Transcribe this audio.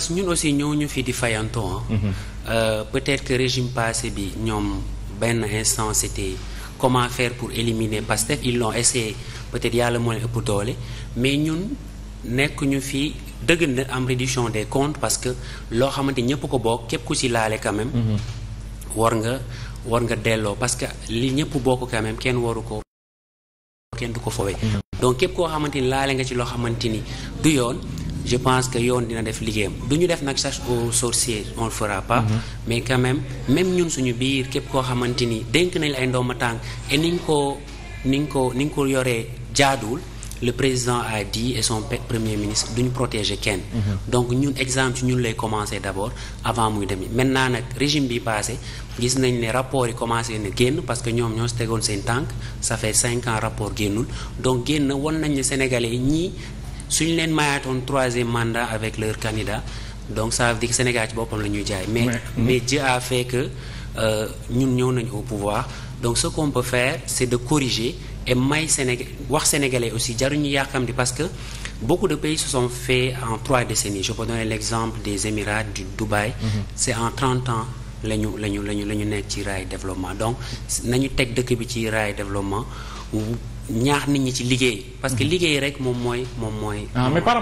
parce que aussi ñëwuñu fi di fayanton mhm. euh, peut-être que régime passé bi ñoom benn instant c'était comment pour éliminer Pastef ils l'ont essayé peut-être yàlla moo leen ëpp doole mais ñun nekk ñu fi dëgg des comptes parce que loo xamante ñëpp ko bokk képp ku ci laale quand même mhm. war nga war nga delloo parce que li ñëpp bokk quand même kenn waru ko kenn du ko fowee mhm. donc képp koo xamante ni laale nga ci loo xamante ni du yoon je pense que yoon dina def liggéeyam du ñu def nag chasse aux sorciers on le mhm. mais quand même même ñun suñu biir képp koo xamante ni dénk nañ ay ndoom a tànk et ni ñu ko ni ñu ko ni ñu ko yoree jaaduwul le président ay di et son premier ministre duñu protéger kenn. Mhm. donc ñun exemple ci ñun lay commencer d'abord avant muy demee maintenant nag régime bi passé gis nañ ne rapport yi commencé na génn parce que ñoom ñoo si tegoon seen tànk ça fait cinq ans rapport génnul suñu leen maayaatoon troisième mandat avec leur candidat donc ça veut dire Sénégal ci boppam la ñuy jaay. mais mais mm-hmm. Dieu a fait que euh, ñun ñëw nañu au pouvoir donc ce qu'on peut faire c'est de corriger et may Sénégal wax sénégalais aussi jaruñu yàkkamti parce que beaucoup de pays se sont faits en trois décennies je peux donner l'exemple des Émirats du Dubaï. Mm -hmm. c'est en trente ans. la ñu la ñu la ñu la ñu nekk ci raay développement donc nañu teg dëkk bi ci raay développement ñaax nit ñi ci liggéey parce que mm-hmm. liggéey rek moom mooy moom mooy ah,